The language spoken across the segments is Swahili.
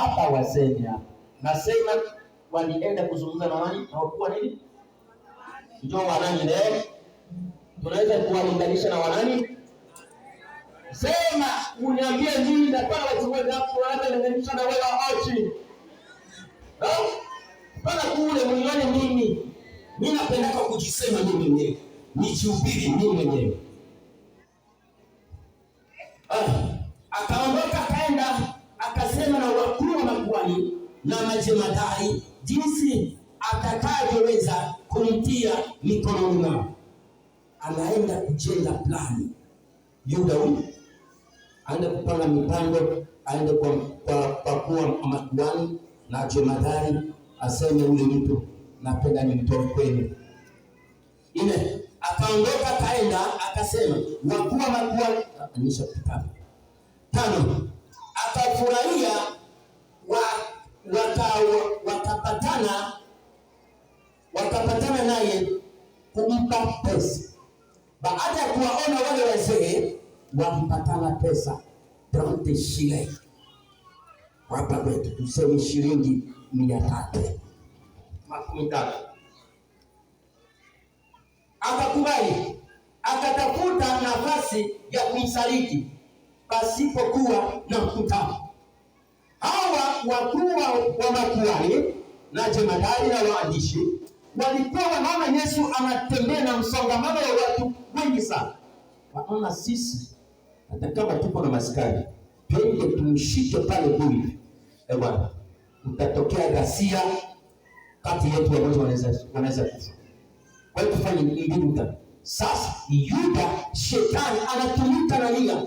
hata wazeni hapa na Sema walienda kuzungumza na wani hawakuwa nini ndio wanani leo tunaweza kuwalinganisha na wanani Sema uniambie nini wewe hapo hata wanalinganisha na wale Ndio? Bana kule mlione mimi mimi napenda kwa kujisema mimi mwenyewe nijihubiri mimi mwenyewe na majemadari jinsi atakavyoweza kumtia mikononi mwao. Anaenda kujenga plani. Yuda huyu aende kupanga mipango, aende kwa pakua makuani na jemadari, aseme huyu mtu napenda nimtoe kwenu. Ile akaondoka kaenda, akasema wakuwa wa makuani, akanisha kitabu tano, akafurahia watapatana watapatana naye kumpa pesa. Baada ya kuwaona wale wazee, wampatana pesa tamte shile wapa kwetu tuseme shilingi mia tatu makumi tatu. Akakubali, akatafuta nafasi ya kumsaliti pasipokuwa na mkutano wakuu wa makuhani na jemadari na waandishi walikuwa wanaona Yesu anatembea na msongamano wa watu wengi sana. waona sisi hata kama tuko na maskari, pende tumshike pale kuli Eh bwana, mtatokea ghasia kati yetu, watu wanaweza kufa. Kwa hiyo tufanye nini? Sasa Yuda shetani anatumika na nia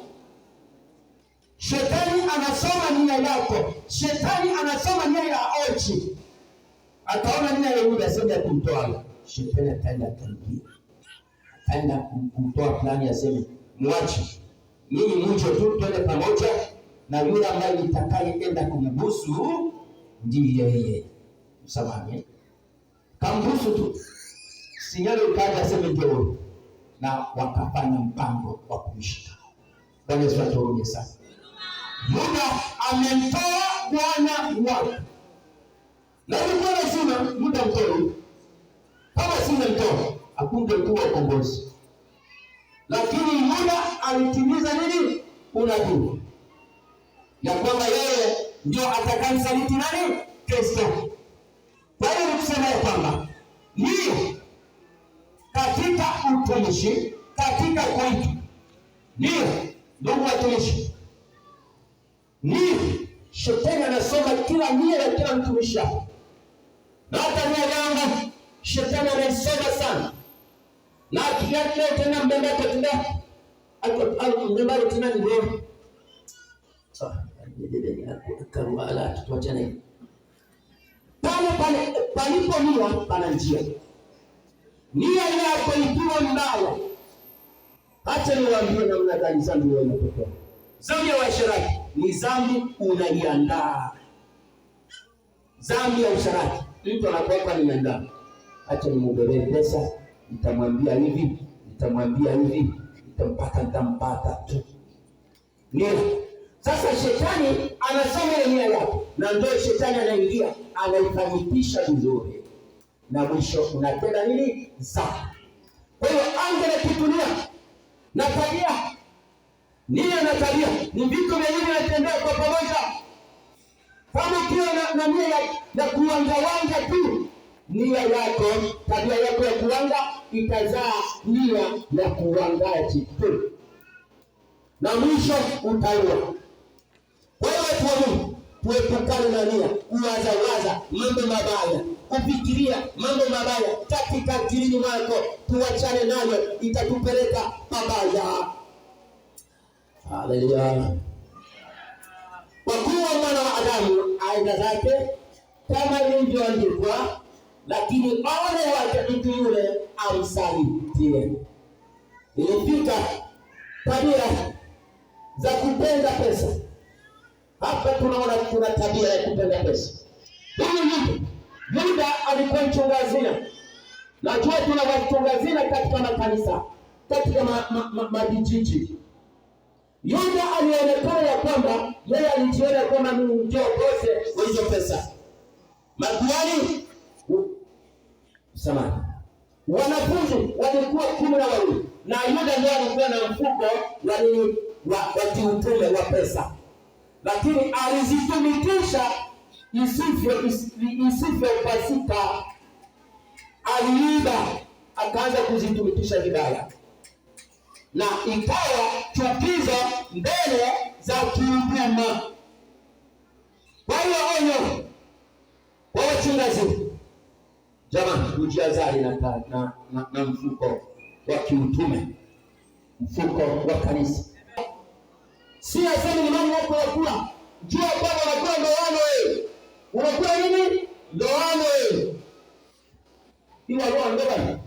Shetani anasoma nia yako, shetani anasoma nia ya Ochi, ataona nia ya Yuda aseme kumtoa. Shetani ataenda atamtia, ataenda kumtoa fulani, aseme mwache mimi, mcho tu twende pamoja na yule ambaye nitakayeenda kumbusu, ndiye yeye msamame, kambusu tu sinyali, ukaja aseme njoo, na wakafanya mpango wa kumshika. Bwana Yesu atuhurumie sana muda amemtoa Bwana wako. Na ulikuwa suna muda mtoe. Kama sina mtoa, kuwa ukombozi. Lakini muda alitimiza nini? Unabii. Ya kwamba yeye ndio atakayemsaliti nani? Kristo. Kwa hiyo nikusema ya kwamba hiyo katika utumishi, katika kuitu, Ndio ndugu watumishi ni shetani anasoma kila nia ya kila mtumishi wake, na hata nia yangu shetani anaisoma sana, na akiakia tena mbele atatenda mbali tena ni roho pale pale palipo nia pana njia. Nia yako ikiwa mbaya, acha niwaambie namna gani zangu inapotoka Dhambi ya uasherati ni dhambi unaiandaa. Dhambi ya usharati, mtu anapokuwa nimeandaa, acha nimubelee pesa, nitamwambia hivi, nitamwambia hivi, nitampata, nitampata tu. Ndio sasa shetani anasoma ile nia yake, na ndio shetani anaingia, anaifanikisha vizuri, na mwisho unatenda nini? saa Kwa hiyo ange na kitunia na tabia nia anatalia, ni vitu vyenyewe vinatembea kwa pamoja. Kama ukiwa na nia ya kuwangawanga tu, nia yako, tabia yako ya kuwanga itazaa nia ya kuwangaji tu, na mwisho utaua. Kwa hiyo watu wa Mungu, tuepukane na nia kuwazawaza mambo mabaya, kufikiria mambo mabaya katika akilini mwako, tuwachane nayo, itatupeleka mabaya Haleluya. Kwa kuwa mwana wa Adamu aenda zake kama ilivyoandikwa, lakini ole wake mtu yule amsalitie. Ilifika tabia za kupenda pesa. Hapa tunaona kuna tabia ya kupenda pesa. Hivi yaani Yuda alikuwa mchungazina. Najua tuna wachungazina katika makanisa, katika majijiji Yuda alionekana ya kwamba yeye alijiona kwamba mimi ndio bosi wa hizo pesa. Makuhani samani, wanafunzi walikuwa kumi na wawili na Yuda ndiye alikuwa na mfuko wa nini wa utume wa pesa, lakini alizitumikisha isivyo isivyo pasika, aliiba akaanza kuzitumikisha vibaya na ikawa chukiza mbele za kuhuduma. Kwa hiyo onyo kwa wachungaji, jamani, mjiazari na, na, na, na mfuko wa kiutume, mfuko wa kanisa. Si asemi mambo yako ya kula, jua kwamba unakula ndoano wewe, unakula nini? Ndoano wewe iwaroa ndobani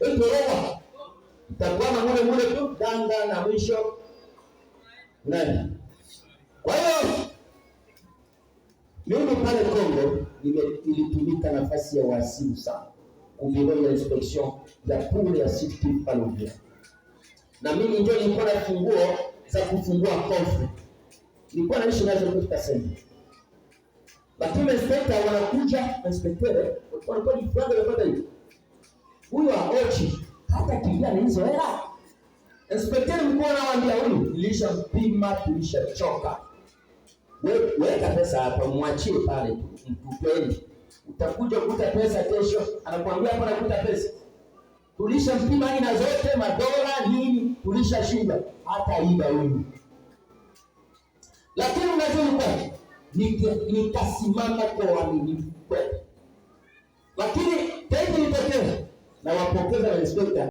etoroa Tangwama mule mule tu Danga na mwisho nani. Kwa hiyo mimi pale Kongo nilitumika nafasi ya wasibu sana ya inspection ya kule ya Sud-Kivu na mimi ndio nilikuwa na funguo za kufungua kofu, nilikuwa naishi nazo kufika sema, lakini inspekta wanakuja, inspektere wanakuja, huyu aochi hata kimbia na hizo hela. Inspekteri mkuu anawaambia huyu, tulishampima tulishachoka, weka pesa hapa, mwachie pale tu, mtupeni, utakuja kuta pesa kesho. Anakuambia hapa nakuta pesa, tulishampima aina zote, madola nini, tulishashinda hata iba huyu. Lakini unajua ukweli, nitasimama kwa uaminifu kweli, lakini taifa litokea na wapokeza wa inspekta